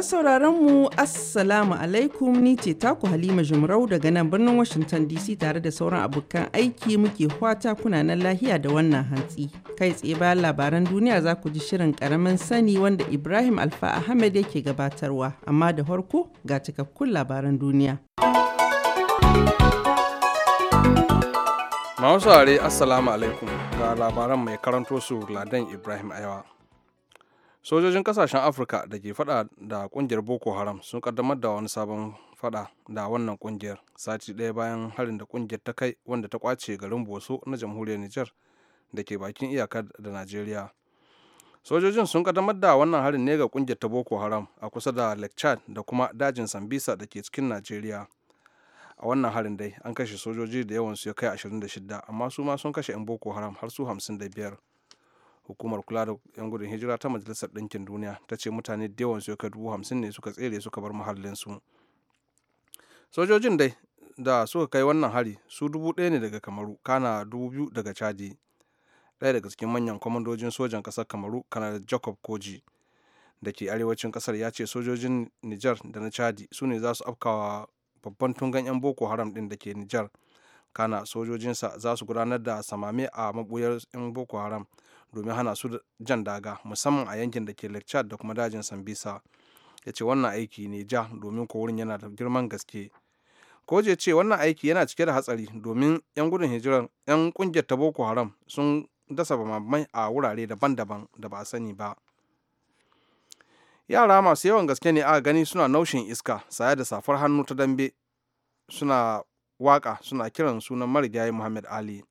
sauraron mu Assalamu alaikum ni ce taku Halima Jumrau daga nan birnin Washington DC tare da sauran abokan aiki muke kwata kuna nan lahiya da wannan hantsi. Kai tsaye bayan labaran duniya za ku ji shirin karamin sani wanda Ibrahim Alfa Ahmed yake gabatarwa, amma da farko ga cikakkun labaran duniya. Mawasare Assalamu alaikum ga labaran mai karanto su Ladan Ibrahim Aiwa. sojojin kasashen afirka da ke fada da kungiyar boko haram sun kaddamar da wani sabon fada da wannan kungiyar sati daya bayan harin da kungiyar ta kai wanda ta kwace garin boso na jamhuriyar niger da ke bakin iyaka da najeriya sojojin sun kaddamar da wannan harin ne ga kungiyar ta boko haram a kusa da lake chad da kuma dajin sambisa da ke cikin najeriya a wannan harin dai an kashe sojoji da yawansu ya kai 26 amma su ma sun kashe 'yan boko haram har su 55 hukumar kula da 'yan gudun hijira ta majalisar ɗinkin duniya ta ce mutane da yawan suka dubu hamsin ne suka tsere suka bar muhallinsu sojojin dai da suka kai wannan hari su dubu ɗaya ne daga kamaru kana dubu biyu daga chadi ɗaya daga cikin manyan kwamandojin sojan ƙasar kamaru kanada jacob koji da ke arewacin ƙasar ya ce sojojin nijar da na chadi su ne za su afkawa babban tungan 'yan boko haram ɗin da ke nijar kana sojojinsa za su gudanar da samame a mabuyar 'yan boko haram domin hana su jan daga musamman a yankin da ke lake da kuma dajin sambisa ya ce wannan aiki ne ja domin ko wurin yana da girman gaske ko je ce wannan aiki yana cike da hatsari domin yan gudun hijirar yan kungiyar ta boko haram sun dasa bamamai a wurare daban-daban da ba a sani ba yara masu yawan gaske ne aka gani suna naushin iska saye da safar hannu ta dambe suna waka suna kiran sunan marigayi muhammad ali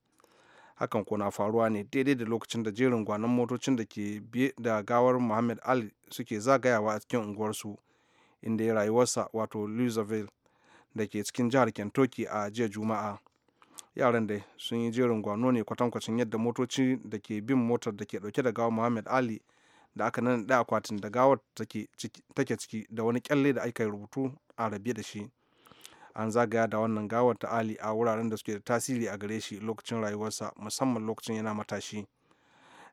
hakan ko na faruwa ne daidai da lokacin da jerin gwanon motocin da ke biye da gawar muhammad ali suke zagayawa a cikin unguwarsu inda ya rayuwarsa wato louisville da ke cikin jihar kentucky a jiya juma'a yaran da sun yi jerin gwano ne kwatankwacin yadda motocin da ke bin motar da ke dauke da gawar muhammad ali da aka nan da akwatin da gawar take ciki da wani kyalle da aka rubutu a rabe da shi an zagaya da wannan gawar ta ali a wuraren da suke da tasiri a gare shi lokacin rayuwarsa musamman lokacin yana matashi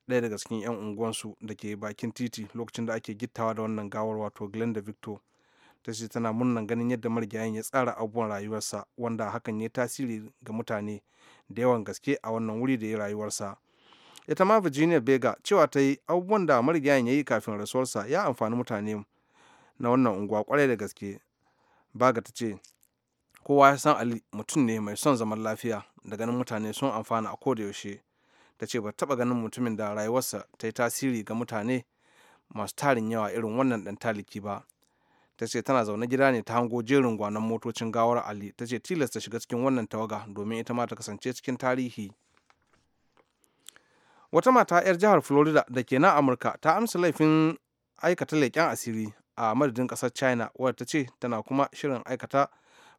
ɗaya daga cikin 'yan unguwansu da ke bakin titi lokacin da ake gittawa da wannan gawar wato glenda victor ta ce tana murnan ganin yadda marigayin ya tsara abubuwan rayuwarsa wanda hakan ya tasiri ga mutane da yawan gaske a wannan wuri da ya rayuwarsa ita ma virginia bega cewa ta yi abubuwan da marigayin ya yi kafin rasuwarsa ya amfani mutane na wannan unguwa kwarai da gaske baga ta ce kowa ya san ali mutum ne mai son zaman lafiya da ganin mutane sun amfana a koda yaushe ta ce ba taɓa ganin mutumin da rayuwarsa ta yi tasiri ga mutane masu tarin yawa irin wannan ɗan taliki ba ta ce tana zaune gida ne ta hango jerin gwanon motocin gawar ali ta ce tilasta shiga cikin wannan tawaga domin ita ma ta kasance cikin tarihi wata mata 'yar jihar florida da ke nan amurka ta amsa laifin aikata leƙen asiri a madadin ƙasar china wadda ta ce tana kuma shirin aikata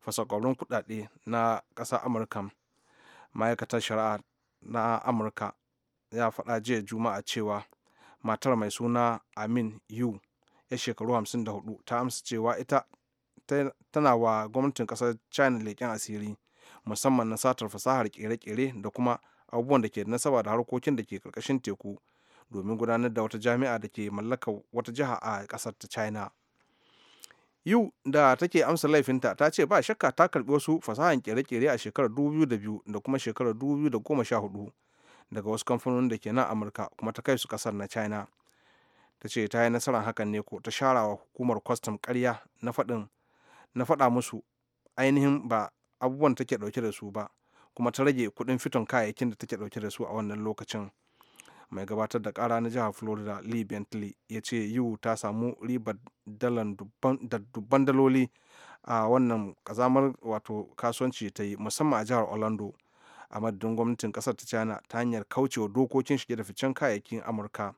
fasakwauran kudade na ƙasar amurka ma'aikatar shari'a na amurka ya faɗa jiya juma'a cewa matar mai suna amin yu ya shekaru 54 ta amsa cewa ita tana wa gwamnatin ƙasar china leƙen asiri musamman na satar fasahar ƙere kere da kuma abubuwan da ke da nasaba da harkokin da ke ƙarƙashin teku domin gudanar da wata jami'a da ke mallaka wata jiha a ƙasar ta china Yu da take amsa laifinta ta ce ba shakka ta karbi wasu fasahan kere-kere a shekarar 2002 da kuma shekarar 2014 daga wasu kamfanonin da ke nan Amurka kuma ta kai su kasar na China. Ta ce ta yi nasarar hakan ne ko ta shara wa hukumar kwastam karya na faɗin na faɗa musu ainihin ba abubuwan take ɗauke da su ba kuma ta rage kuɗin fiton kayayyakin da take ɗauke da su a wannan lokacin. mai gabatar da kara na jihar florida lee bentley ya ce yiwu ta samu ribar dubban daloli a wannan kazamar wato kasuwanci ta yi musamman a jihar orlando a madadin gwamnatin kasar ta china ta hanyar kaucewa dokokin shige da ficen kayayyakin amurka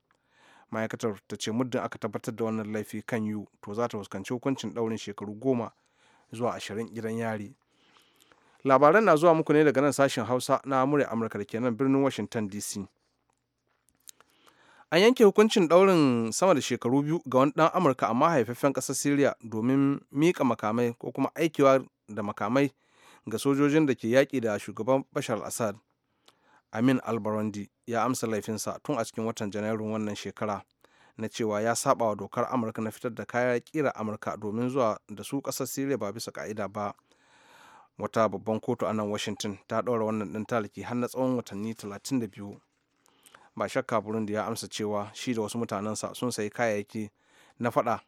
ma'aikatar ta ce muddin aka tabbatar da wannan laifi kan yu to za ta fuskanci hukuncin daurin shekaru goma zuwa ashirin gidan yari labaran na zuwa muku ne daga nan sashen hausa na murya amurka da ke nan birnin washington dc an yanke hukuncin ɗaurin sama da shekaru biyu ga wani dan amurka amma haifafen kasar syria domin miƙa makamai ko kuma aikewa da makamai ga sojojin da ke yaƙi da shugaban bashar al-assad amin albarondi ya amsa laifinsa tun a cikin watan janairun wannan shekara na cewa ya saba wa dokar amurka na fitar da kaya kira amurka domin zuwa da su ƙasar syria ba bisa ƙa'ida ba wata babban kotu a nan washington ta ɗaura wannan ɗin talaki har na tsawon watanni 32 ba shakka burundi ya amsa cewa shi da wasu mutanensa sun sayi kayayyaki na fada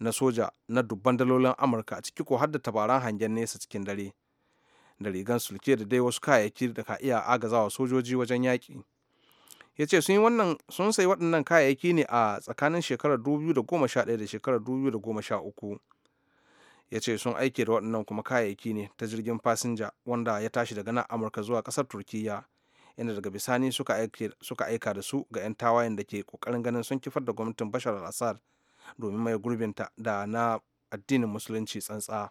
na soja na dubban dalolin amurka ciki ko har da tabaran hangen nesa cikin dare da rigan sulke da dai wasu kayayyaki da ka iya agazawa sojoji wajen yaƙi ya ce sun yi sun sayi waɗannan kayayyaki ne a tsakanin shekarar 2011 da shekarar 2013 ya ce sun aike da waɗannan kuma kayayyaki ne ta jirgin fasinja wanda ya tashi daga nan amurka zuwa ƙasar turkiyya inda daga bisani suka aika da su ga 'yan tawayen da ke kokarin ganin sun kifar da gwamnatin bashar al-assad domin mai gurbinta da na addinin musulunci tsantsa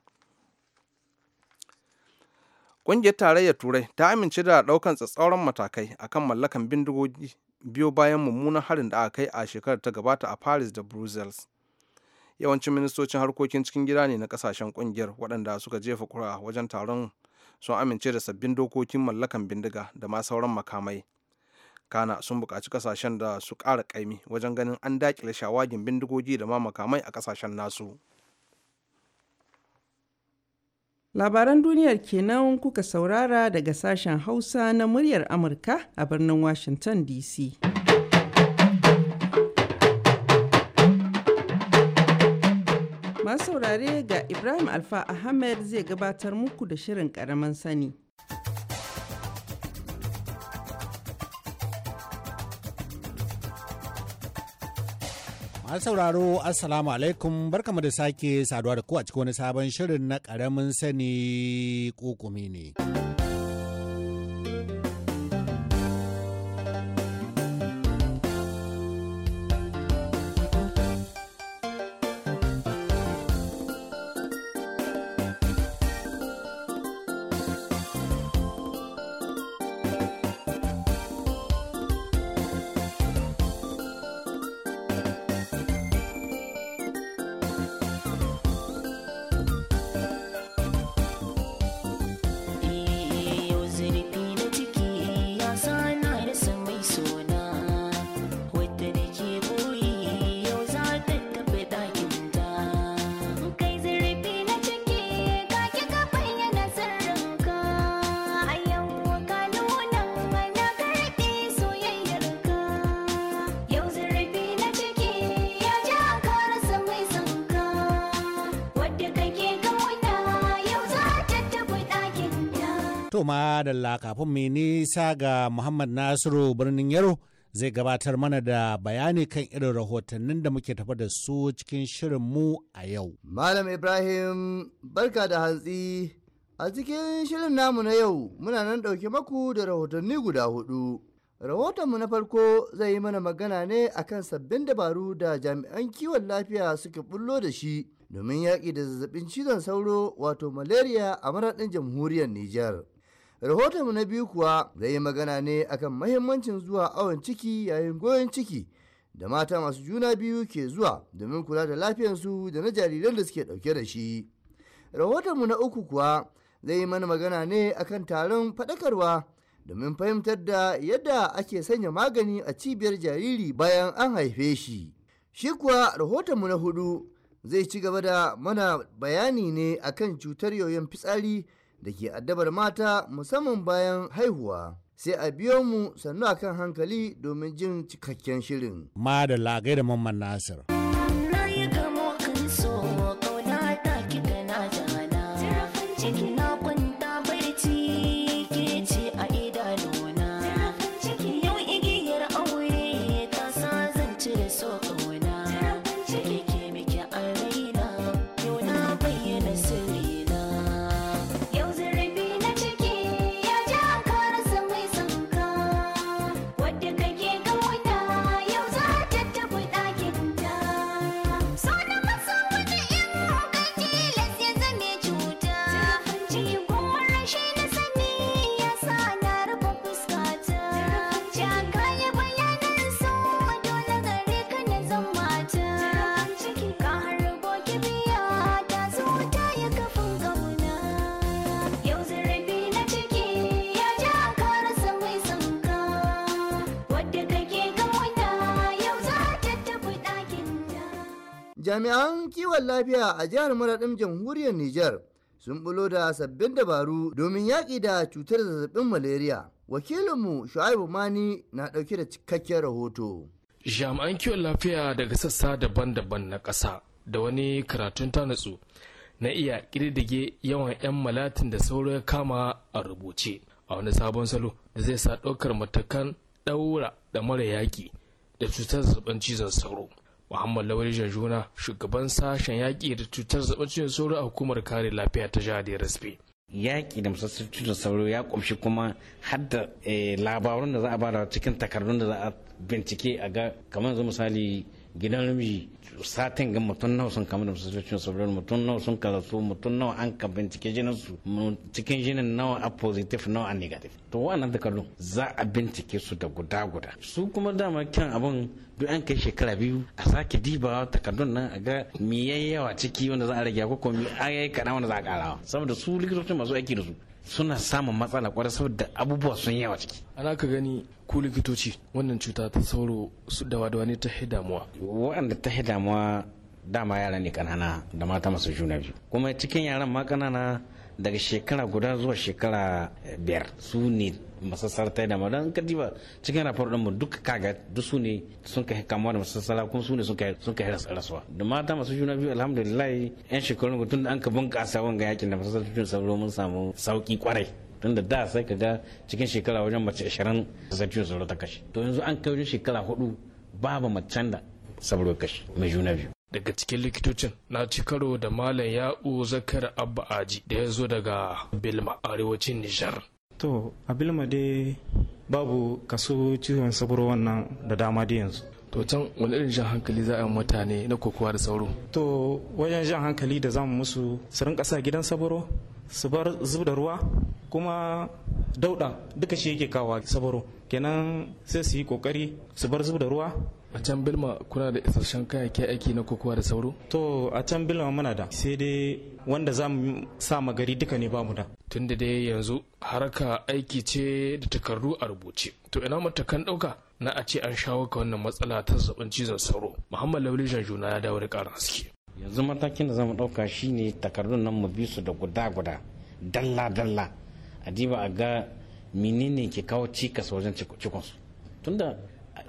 ƙungiyar tarayyar turai ta amince da ɗaukan tsatsauran matakai akan mallakan bindigogi biyo bayan mummunan harin da aka kai a shekarar ta gabata a paris da brussels yawancin ministocin harkokin cikin gida ne na kasashen kungiyar waɗanda suka jefa kura wajen taron sun amince da sabbin dokokin mallakan bindiga da ma sauran makamai kana sun buƙaci kasashen da su ƙara ƙaimi wajen ganin an daƙile shawagin bindigogi da ma makamai a ƙasashen nasu labaran duniyar kenan kuka saurara daga sashen hausa na muryar amurka a birnin washington dc Masu saurare ga Ibrahim Alfa Ahmed zai gabatar muku da shirin ƙaramin sani. Masu sauraro Assalamu alaikum barkamu da sake saduwa da ku a cikin wani sabon shirin na ƙaramin sani kokumi ne. To ma da kafin mai nisa ga Muhammad Nasiru birnin Yaro zai gabatar mana da bayani kan irin rahotannin da muke tafa da su cikin shirin mu a yau. Malam Ibrahim barka da hantsi a cikin shirin namu na yau muna nan ɗauke maku da rahotanni guda hudu. Rahotonmu na farko zai yi mana magana ne akan sabbin dabaru da jami'an kiwon lafiya suke bullo da shi domin yaƙi da zazzabin cizon sauro wato malaria a maraɗin jamhuriyar Nijar. rahotonmu na biyu kuwa zai yi magana ne akan mahimmancin zuwa awon ciki yayin goyon ciki da mata masu juna biyu ke zuwa domin kula da lafiyarsu da na jariran da suke dauke da shi rahotonmu na uku kuwa zai yi mana magana ne akan taron faɗakarwa domin fahimtar da yadda ake sanya magani a cibiyar jariri bayan an haife shi shi kuwa rahotonmu na hudu zai ci gaba da mana bayani ne akan cutar yoyon fitsari da ke addabar mata musamman bayan haihuwa. sai a biyo mu sannu a kan hankali domin jin cikakken shirin. Ma da lagai da Mamman Nasir. jami'an kiwon lafiya a jihar maraɗin jamhuriyar niger sun bulo da sabbin dabaru domin yaƙi da cutar zazzabin malaria wakilinmu shu'aibu mani na ɗauke da cikakken rahoto jami'an kiwon lafiya daga sassa daban-daban na ƙasa da wani karatun tanatsu na iya ƙirɗige yawan 'yan malatin da sauro ya kama a rubuce a wani sabon salo da zai sa ɗaukar matakan ɗaura da mara yaƙi da cutar zazzabin cizon sauro Muhammad Lawal Janjuna shugaban sashen yaƙi da cutar zaɓar cikin sauro a hukumar kare lafiya ta jihar Yaraspe. yaƙi da musassar cutar sauro ya ƙumshi kuma hadda eh, labarun da za a bada cikin takardun da za a bincike a ga kamar yanzu misali gidan namiji satin ga mutum nawa sun kama da musulcin saboda mutum nawa sun su mutum nawa an ka bincike jinin su cikin jinin nawa a positive nawa a negative to wannan takardun za a bincike su da guda guda su kuma dama kyan abin duk an kai shekara biyu a sake diba takardun nan a ga me yawa ciki wanda za a rage ko kuma yayi kaɗan wanda za a karawa saboda su likitocin masu aiki da su suna samun matsala kwarai saboda abubuwa sun yawa ciki ana ka gani ku likitoci wannan cuta ta sauro su dawa-dawa ne ta damuwa waɗanda ta damuwa dama yara ne kanana da mata masu juna biyu kuma cikin yaran ma kanana daga shekara guda zuwa shekara eh, biyar su ne masassar ta dama don ka diba cikin rafar ɗanmu duka kaga duk su ne sun kai kamuwa da masassara kuma su ne sun kai rasuwa da mata masu juna biyu alhamdulillah yan shekaru tun da an ka bunƙasa wanga yakin da masassar juna sauro mun samu sauƙi kwarai tunda da sai ka ga cikin shekara wajen mace 20 zazzabin tsoro ta kashe to yanzu an kai wajen shekara hudu babu macen da saboda kashe mai juna biyu daga cikin likitocin na ci karo da malam ya'u zakar abba aji da ya zo daga bilma arewacin nijar to a bilma dai babu kaso ciwon sauro wannan da dama da yanzu to can wani irin jan hankali za a yi mutane na kokowa da sauro to wajen jan hankali da zamu musu su rinka sa gidan saburo su bar zub da ruwa kuma dauda duka shi yake kawa sabaro kenan sai su yi kokari su bar zub da ruwa a can bilma kuna da isasshen kayayyaki aiki na kokowa da sauro to a can bilma muna da sai dai wanda za mu sa magari duka ne ba mu da tunda dai yanzu haraka aiki ce da takardu a rubuce to ina matakan dauka na a ce an shawo ka wannan matsala ta zaɓin cizon sauro muhammad lauli juna ya dawo da ƙarin haske yanzu matakin da zamu ɗauka shine takardun nan mu bi su da guda-guda dalla-dalla a diba a ga menene ke kawo cikas wajen cikonsu tunda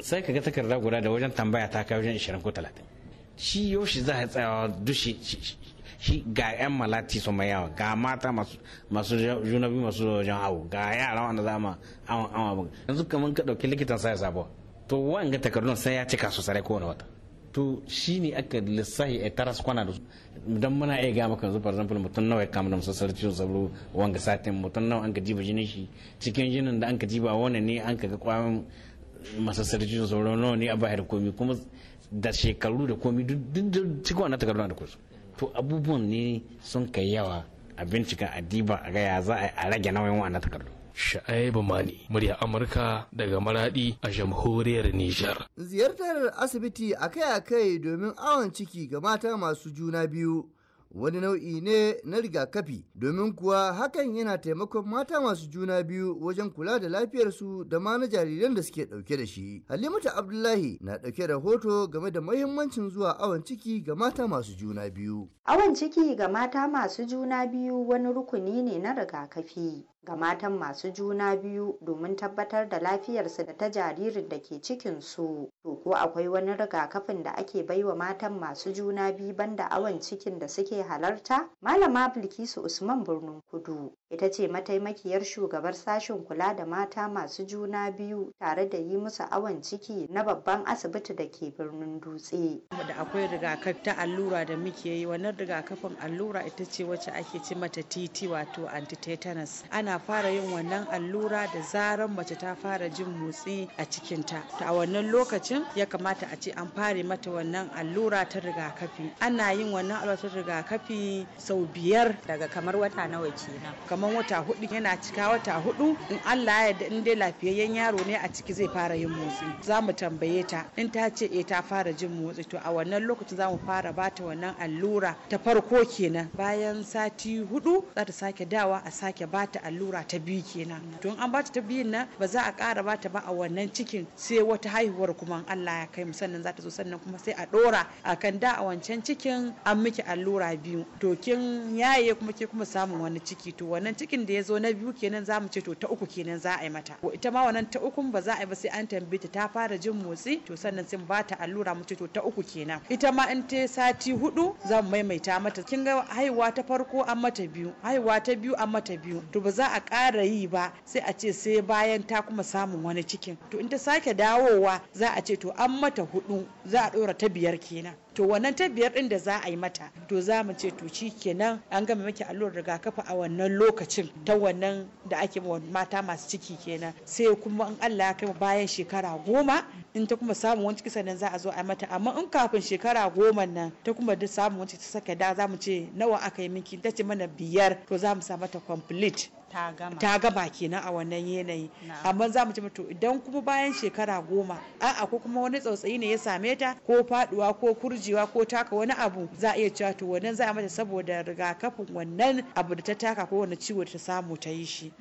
sai ka ga takarda guda da wajen tambaya ta kai wajen 20 ko 30 shi yoshi za a tsayawa dushi shi ga 'yan malati su mai yawa ga mata masu juna biyu masu wajen awo ga yara wanda za a awon awon yanzu kamar ka ɗauki likitan sai sabuwa to wa'anga takardun sai ya cika su sarai kowane wata to shi ne aka lissahi a taras kwana da su don muna iya gaya maka yanzu for example mutum nawa ya kama da musassar ciwon sauro wanga satin mutum nawa an ka jiba jinin shi cikin jinin da an ka jiba wani ne an ka ga kwamin masassar ciwon sauro nawa ne a bayar komi kuma da shekaru da komi duk cikin wannan takardun da kusa to abubuwan ne sun kai yawa a bincika a diba a gaya za a rage nauyin wannan takardu Sha'aibu Mani, murya Amurka daga Maradi a jamhuriyar Nijar. Ziyartar asibiti akai-akai domin awon ciki ga mata masu juna biyu. Wani nau'i ne na rigakafi domin kuwa hakan yana taimakon mata masu juna biyu wajen kula da lafiyarsu da ma na jariran da suke ɗauke da shi. Halimatu Abdullahi na ɗauke da hoto game da mahimmancin zuwa awon ciki ga mata masu juna biyu. Awon ciki ga mata masu juna biyu wani rukuni ne na rigakafi ga matan masu juna biyu domin tabbatar da lafiyarsu da ta jaririn da ke cikinsu. To ko akwai wani rigakafin da ake baiwa matan masu juna biyu banda awon cikin da suke halarta? Malama Bilkisu Usman Birnin Kudu Ita ce mataimakiyar shugabar sashen kula da mata masu juna biyu tare da yi musu awon ciki na babban asibiti da ke birnin dutse. Da akwai rigakafi ta allura da muke yi wannan rigakafin allura ita ce wacce ake ci mata titi wato antitetanus. Ana fara yin wannan allura da zarar mace ta fara jin motsi a cikin ta A wannan lokacin ya kamata a ce an fare mata wannan allura ta rigakafi. Ana yin wannan allura ta rigakafi sau biyar daga kamar wata nawa kenan. kamar wata hudu yana cika wata hudu in Allah ya yarda in dai lafiyayyen yaro ne a ciki zai fara yin motsi za mu tambaye ta in ta ce eh ta fara jin motsi to a wannan lokacin za mu fara ba ta wannan allura ta farko kenan bayan sati hudu za ta sake dawa a sake ba ta allura ta biyu kenan to in an ba ta biyun nan ba za a ƙara ta ba a wannan cikin sai wata haihuwar kuma Allah ya kai mu sannan za ta zo sannan kuma sai a dora kan da a wancan cikin an miki allura biyu to kin yaye kuma ke kuma samun wani ciki to wannan wannan cikin da ya zo na biyu kenan za mu ce to ta uku kenan za a yi mata ita ma wannan ta uku ba za a yi ba sai an tambaye ta ta fara jin motsi to sannan sun ba ta allura mu ce to ta uku kenan ita ma in ta sati hudu za mu maimaita mata kin ga haihuwa ta farko an mata biyu haihuwa ta biyu an mata biyu to ba za a ƙara yi ba sai a ce sai bayan ta kuma samun wani cikin to in ta sake dawowa za a ce to an mata huɗu za a ɗora ta biyar kenan to wannan ta biyar din da za a yi mata to za mu ce to shi kenan an gama miki allurar rigakafi a wannan lokacin ta wannan da ake mata masu ciki kenan sai kuma in Allah ya kai bayan shekara goma in ta kuma samun wani ciki sannan za a zo a mata amma in kafin shekara goma nan ta kuma duk samun wani ciki ta saka da za mu ce nawa aka yi miki ta ce mana biyar to za mu sa mata complete ta gama kenan a wannan yanayi amma za mu ci to idan kuma bayan shekara goma a'a ko kuma wani tsautsayi ne ya same ta ko faduwa ko kurjewa ko taka wani abu za a iya cewa to wannan za a mata saboda rigakafin wannan abu da ta taka ko wani ciwo da ta samu ta yi shi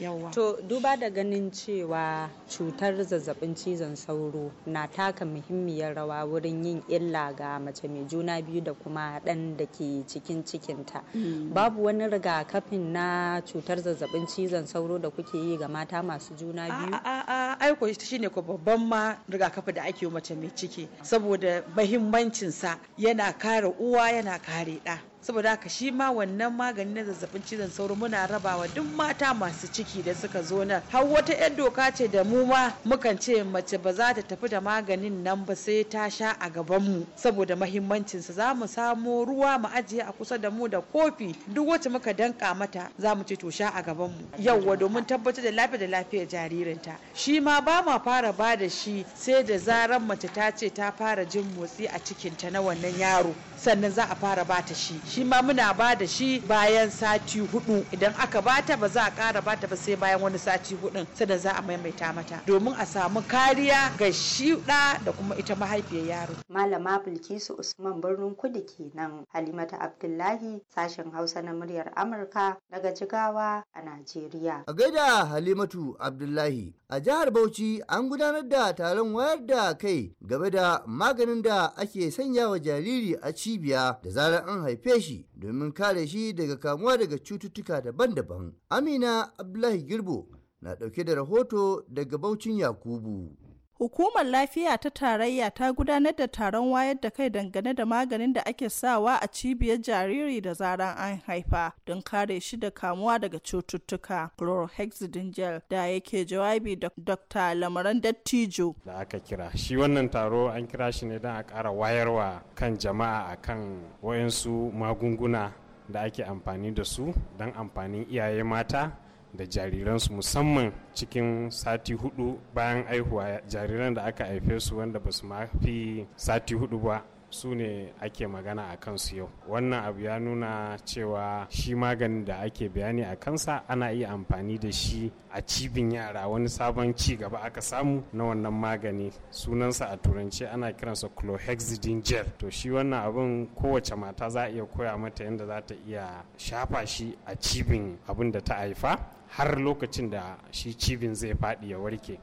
yawa to duba da ganin cewa cutar zazzabin cizon sauro na taka muhimmiyar rawa wurin yin illa ga mace mai juna biyu da kuma dan da ke cikin cikinta mm. babu wani rigakafin na cutar zazzabin zazzabin cizon sauro da kuke yi ga mata masu juna biyu? A'a, aiko shi ne ko babban ma rigakafi da ake yi mace mai ciki saboda mahimmancinsa yana kare uwa yana kare ɗa. saboda haka shi ma wannan magani na zazzabin cizon sauro muna rabawa duk mata masu ciki da suka zo nan har wata yan doka ce da mu ma mukan ce mace ba za ta tafi da maganin nan ba sai ta sha a gaban mu saboda mahimmancinsa za mu samo ruwa mu ajiye a kusa da mu da kofi duk wacce muka danka mata za mu ce to sha a gaban mu yauwa domin tabbatar da lafiya da lafiyar jaririnta shi ma ba ma fara ba da shi sai da zarar mace ta ce ta fara jin motsi a cikinta na wannan yaro sannan za a fara ba ta shi shi ma muna ba da shi bayan sati hudu idan aka bata ba za a kara bata ba sai bayan wani sati hudu sannan za a maimaita mata domin a samu kariya ga shi da kuma ita mahaifiyar yaro Malama Bilkisu Usman birnin Kudu kenan Halimata Abdullahi sashen Hausa na muryar Amurka daga Jigawa a Najeriya. A gaida Halimatu Abdullahi a jihar Bauchi an gudanar da taron wayar da kai game da maganin da ake sanya wa jariri a cibiya da zarar an haife shi domin kare shi daga kamuwa daga cututtuka daban-daban. Amina Abdullahi Girbo na ɗauke da rahoto daga Baucin Yakubu. Hukumar Lafiya ta Tarayya ta gudanar da taron wayar da kai dangane da maganin da ake sawa a cibiyar jariri da zaran an haifa don kare shi da kamuwa daga cututtuka. Chlorhexidine gel da yake jawabi da Dr. Lamaran Dattijo. Da aka kira. Shi wannan taro an kira shi ne don a kara wayarwa kan jama'a akan wayansu magunguna da ake amfani da su don amfanin iyaye mata da jariransu musamman cikin sati hudu bayan aihuwa jariran da aka haife su wanda ba su mafi sati hudu ba su ne ake magana a kansu yau wannan abu ya nuna cewa shi magani da ake bayani a kansa ana iya amfani da shi a cibin yara wani sabon ci gaba aka samu na wannan magani sunansa a turanci ana kiransa clohexidine gel to shi wannan abun kowace mata za a iya koya mata yadda za ta iya shafa shi a cibin abin da ta haifa har lokacin da shi cibin zai faɗi ya warke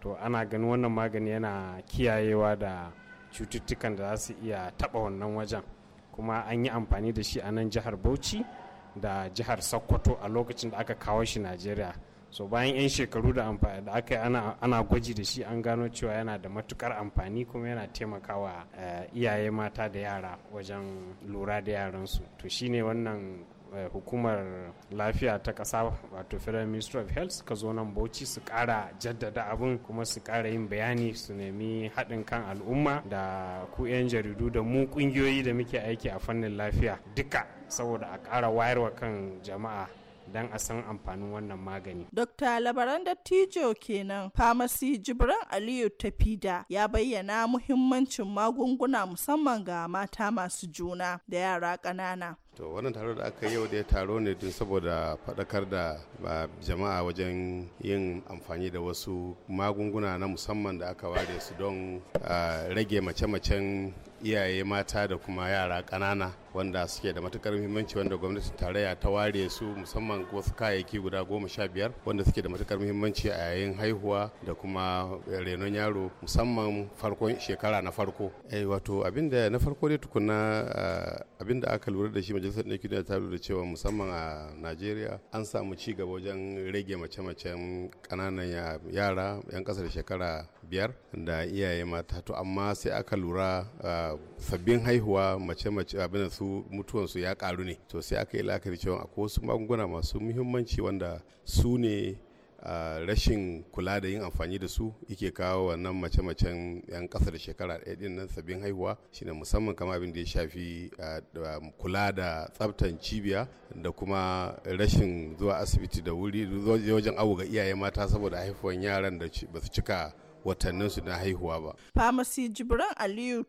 to ana ganin wannan magani yana kiyayewa da cututtukan da za su iya taɓa wannan wajen kuma an yi amfani da shi a nan jihar bauchi da jihar sokoto a lokacin da aka kawo shi najeriya so bayan 'yan shekaru da amfani da aka ana, ana gwaji da shi an gano cewa yana da matukar amfani kuma yana taimakawa eh, iyaye mata da yara wajen lura da yaransu to shine wannan Eh, hukumar lafiya ta ƙasa wato federal ministry of health suka zo nan bauchi su ƙara jaddada abin kuma su ƙara yin bayani su nemi haɗin kan al'umma da ku 'yan jaridu da mu ƙungiyoyi da muke aiki a fannin lafiya duka saboda a ƙara wayarwa kan jama'a don a san amfanin wannan magani. dokta Labaran Dattijo kenan, Famasi Jibran Aliyu Tafida ya bayyana muhimmancin magunguna musamman ga mata masu juna da yara ƙanana. to wannan taro da aka yau da ya taro ne don saboda faɗakar da jama'a wajen yin amfani da wasu magunguna na musamman da aka ware su don rage mace-macen iyaye mata da kuma yara ƙanana wanda suke da matukar muhimmanci wanda gwamnatin tarayya ta ware su musamman wasu kayayyaki guda goma sha biyar wanda suke da matukar muhimmanci a yayin haihuwa da kuma renon yaro musamman farkon shekara na farko eh, wato abinda na farko dai tukuna abinda aka lura da shi majalisar ɗinkin duniya ta lura cewa musamman a najeriya an samu ci gaba wajen rage mace-macen ƙananan yara 'yan ƙasar shekara biyar da iyaye mata to amma sai aka lura sabbin haihuwa mace-mace abin su mutuwansu ya ƙaru ne to sai aka yi la'akari cewa akwai wasu magunguna masu muhimmanci wanda su ne rashin kula da yin amfani da su yake kawo wannan mace-macen 'yan kasa da shekara ɗaya din nan sabbin haihuwa shine musamman kama abin da ya shafi um, kula da tsaftan cibiya da kuma rashin zuwa asibiti da wuri wajen abu ga iyaye mata saboda haifuwan yaran da ba su cika watannin su na haihuwa ba. Famasi Jibran Aliyu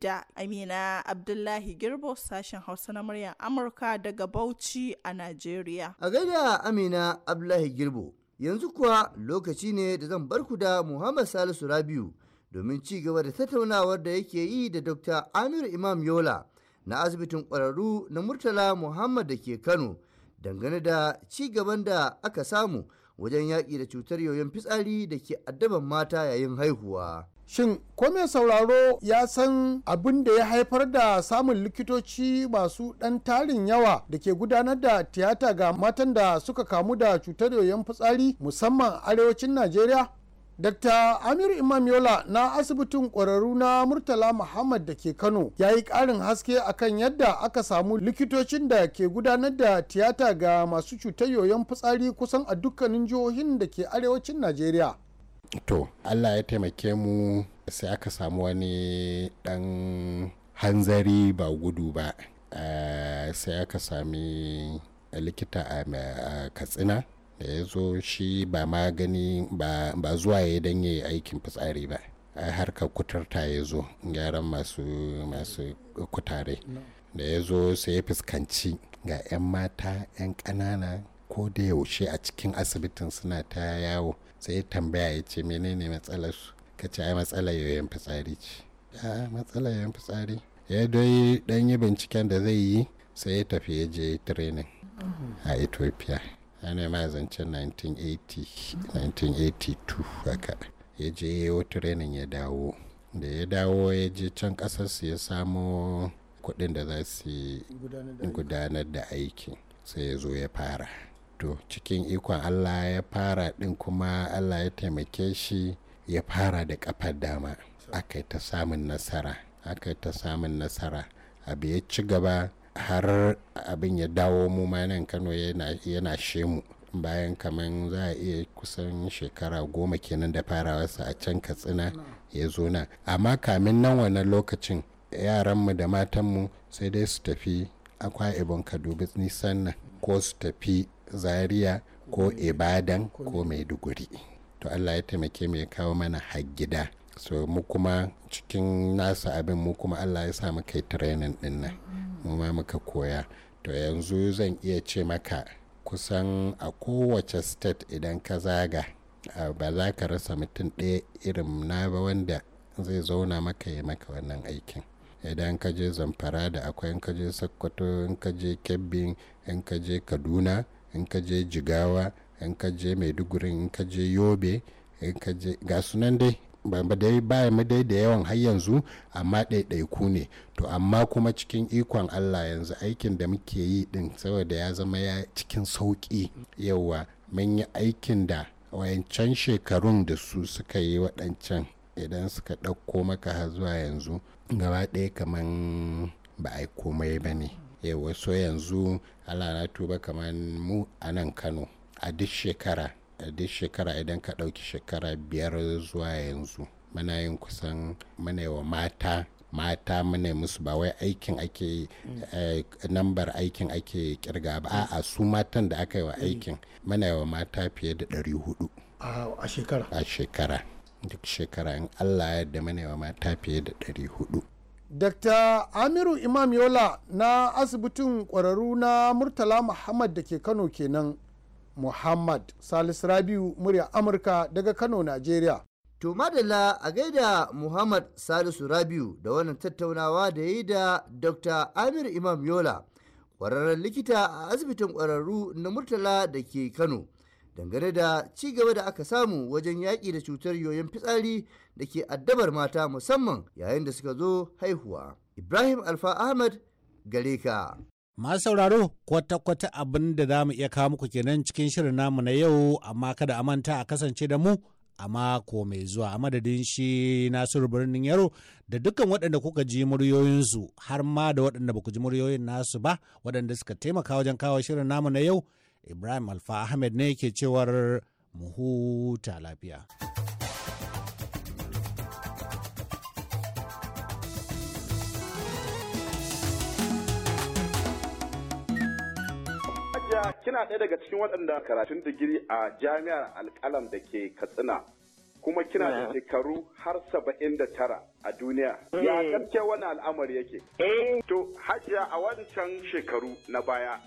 da Amina Abdullahi Girbo sashen Hausa na muryar Amurka daga Bauchi a Najeriya. A gaida Amina Abdullahi Girbo yanzu kuwa lokaci ne da zan barku da muhammad salisu rabiu domin ci gaba da tattaunawar da yake yi da dr amir imam yola na asibitin ƙwararru na murtala muhammad da ke kano dangane da ci gaban da aka samu wajen yaƙi da cutar yoyon fitsari da ke addaban mata yayin haihuwa. Shin ko mai sauraro ya san abin da ya haifar da samun likitoci masu ɗan tarin yawa da ke gudanar da tiyata ga matan da suka kamu da cutar yoyon fitsari musamman arewacin Najeriya? Dr. Amir Imam Yola na asibitin ƙwararru na Murtala Muhammad da ke Kano ya yi ƙarin haske akan yadda aka samu likitocin da ke gudanar da tiyata ga masu cutar yoyon fitsari kusan a dukkanin jihohin da ke arewacin Najeriya. to allah ya taimake mu sai aka samu wani dan hanzari ba gudu ba eh, sai aka sami likita a katsina da ya zo shi ba magani ba zuwa ya don ya aikin fitsari ba harka kuturta ya zo gyaran masu kutare da ya zo sai ya fuskanci ga 'yan mata 'yan ƙanana ko da yaushe a cikin asibitin suna ta yawo sai ya tambaya ya ce menene matsalar su ka ce ai matsalar yoyon fitsari ce a matsalar yoyon fitsari ya dai dan yi binciken da zai yi sai ya tafi ya je training a ethiopia ana ma zancen 1980 1982 haka ya je yawo training ya dawo da ya dawo ya je can kasarsu ya samo kuɗin da za su gudanar da aiki sai ya zo ya fara to cikin ikon allah ya fara ɗin kuma allah ya taimake shi ya fara da ƙafar dama aka ta samun nasara aka ta samun nasara abu ya ci gaba har abin ya dawo mu ma nan kano yana shemu bayan kaman za a iya kusan shekara goma kenan da farawarsa a can katsina ya zo na amma kamin nan wannan lokacin yaranmu da matanmu sai dai su tafi akwa ibon kadubi dubi nisan nan ko su tafi zaria ko mm. ibadan ko maiduguri to allah ya taimake mai ya kawo mana hagida so mu kuma cikin nasa abin mu kuma allah ya sa mu kai training din mm. mu ma muka koya to yanzu zan iya ce maka kusan a kowace state idan ka zaga ba za ka rasa mutum ɗaya irin na ba wanda zai zauna maka ya maka wannan aikin idan ka je zamfara da akwai in ka je sokoto in ka je kebbi in ka je kaduna in ka je jigawa in ka je maiduguri in ka je yobe in ka je ga sunan dai ba dai mu dai da yawan har yanzu amma ɗaiɗaiku ne to amma kuma cikin ikon allah yanzu aikin da muke yi din saboda ya zama ya cikin sauƙi yawa mun yi aikin da wayancan shekarun da su suka yi waɗancan idan suka ɗauko maka zuwa yanzu gaba ɗaya kamar ba a komai ba ne yawa wasu yanzu alana tuba kamar mu a nan kano a duk shekara a duk shekara idan ka ɗauki shekara biyar zuwa yanzu mana yin kusan mana wa mata mata mana musu ba wai aikin ake eh, nambar aikin ake kirga ba a su matan da aka yi wa aikin mana wa mata fiye da 400 a shekara a shekara duk shekara in allah ya da muna mata fiye da dr amiru imam yola na asibitin kwararru na murtala muhammad da ke kano kenan muhammad salisu rabiu murya amurka daga kano nigeria to madalla a gaida muhammad salisu rabiu da wannan tattaunawa da ya yi da dr amir imam yola kwararren likita a asibitin kwararru na murtala da ke kano dangane da ci gaba da aka samu wajen yaƙi da cutar yoyon fitsari da ke addabar mata musamman yayin da suka zo haihuwa. Ibrahim Alfa Ahmad gare ka. Masu sauraro kwata-kwata abin da za mu iya kawo muku kenan cikin shirin namu na yau amma kada a manta a kasance da mu a mako mai zuwa a madadin shi nasiru birnin yaro da dukkan waɗanda kuka ji muryoyinsu har ma da waɗanda ba ku ji muryoyin nasu ba waɗanda suka taimaka wajen kawo shirin namu na yau Ibrahim Alfa Ahmed ne ke cewar mu huta lafiya. kina ɗaya daga cikin waɗanda karatun digiri a jami'ar alƙalam da ke katsina kuma kina da shekaru har saba'in da tara a duniya ya hmm. gaske wani al'amari yake eh. to hajiya a wancan shekaru na baya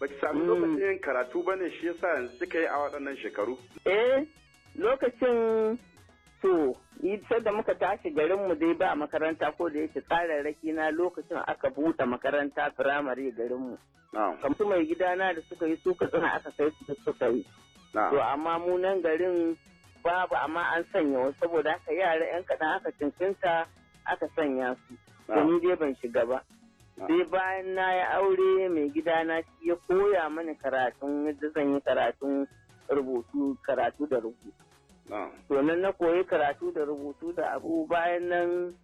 ba ki sami hmm. lokacin karatu ba ne shi yasa yanzu kika yi a waɗannan shekaru? Eh, lokacin to ni da muka tashi garin mu dai ba makaranta ko da yake tsararraki na lokacin aka buɗe makaranta firamare garin mu. Kamtu mai gidana da suka yi suka tsana aka kai su da suka yi. To amma mu nan garin babu amma an sanya wasu saboda haka yara 'yan kaɗan aka cincinta aka sanya su. Domin dai ban shiga ba. sai bayan na ya aure mai gida na shi ya koya mani karatun yadda zan yi karatun rubutu karatu da rubutu to na koyi karatu da rubutu da abu bayan nan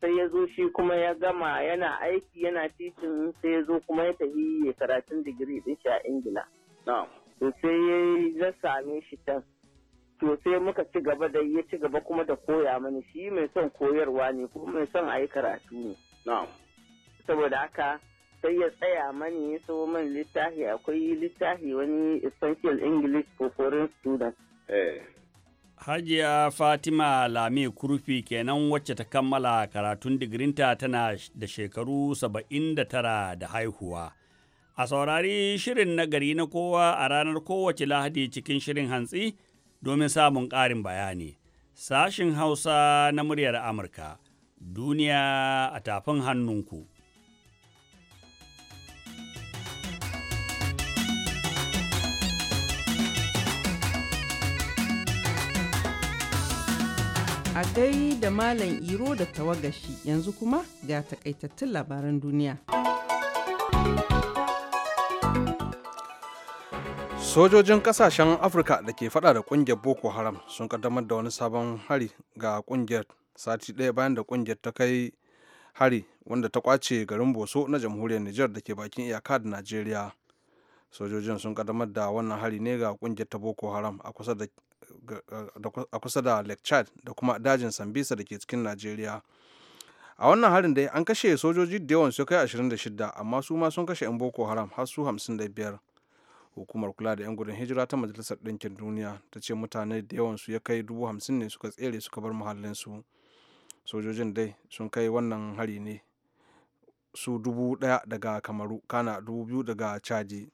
sai ya zo shi kuma ya gama yana aiki yana titin sai ya zo kuma ya tafi ya karatun digiri din shi a ingila to sai ya same shi can to muka ci gaba da ya ci gaba kuma da koya mani shi mai son koyarwa ne kuma mai son a yi karatu ne saboda haka sai ya tsaya mani ya man littafi akwai littafi wani essential english for foreign students eh. Hajiya Fatima Lami Kurfi kenan wacce ta kammala karatun digirinta tana da shekaru 79 da haihuwa. A saurari shirin na gari na kowa a ranar kowace lahadi cikin shirin hantsi domin samun ƙarin bayani. Sashin Hausa na muryar Amurka, duniya a tafin hannunku. A gai da Malam Iro da tawagashi yanzu kuma ga takaitattun labaran duniya. Sojojin kasashen Afirka da ke fada da kungiyar Boko Haram sun kaddamar da wani sabon hari ga kungiyar sati ɗaya bayan da kungiyar ta kai hari wanda ta kwace garin Boso na jamhuriyar Nijar da ke bakin iyaka da Najeriya. Sojojin sun kaddamar da wannan hari ne ga kungiyar ta Boko Haram a kusa da a kusa da lake chad da kuma dajin sambisa da ke cikin najeriya a wannan harin dai an kashe sojoji da yawan su kai 26 amma su ma sun kashe 'yan boko haram har su 55 hukumar kula da 'yan gudun hijira ta majalisar ɗinkin duniya ta ce mutane da yawan su ya kai dubu ne suka tsere suka bar su sojojin dai sun kai wannan hari ne su dubu ɗaya daga kamaru kana dubu biyu daga chadi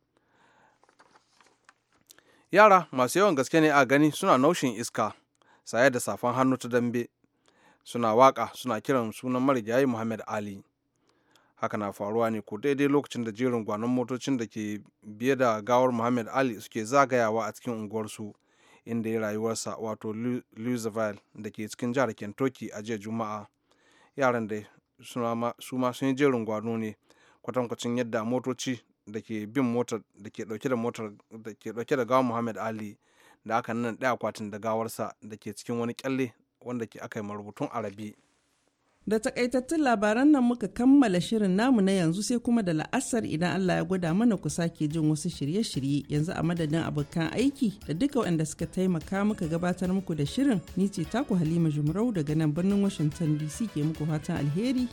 yara masu yawan gaske ne a gani suna naushin iska saye da safan hannu ta dambe suna waka suna kiran sunan marigayi muhammad ali haka na faruwa ne ko daidai lokacin da jerin gwanon motocin da ke biye da gawar muhammad ali suke zagayawa a cikin unguwarsu inda ya rayuwarsa wato louisville da ke cikin jihar kentucky a jiya juma'a yaran da su ma sun yi jerin gwano ne kwatankwacin yadda motoci da ke bin motar da ke dauke da motar da ke dauke da gawar Muhammad Ali da aka nan ɗaya akwatin da gawarsa da ke cikin wani kyalle wanda ke aka yi marubutun Arabi. Da takaitattun labaran nan muka kammala shirin namu na yanzu sai kuma da la'asar idan Allah ya gwada mana ku sake jin wasu shirye-shirye yanzu a madadin abokan aiki da duka waɗanda suka taimaka muka gabatar muku da shirin ni ce taku Halima Jumrau daga nan birnin Washington DC ke muku fatan alheri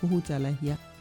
ku huta lahiya.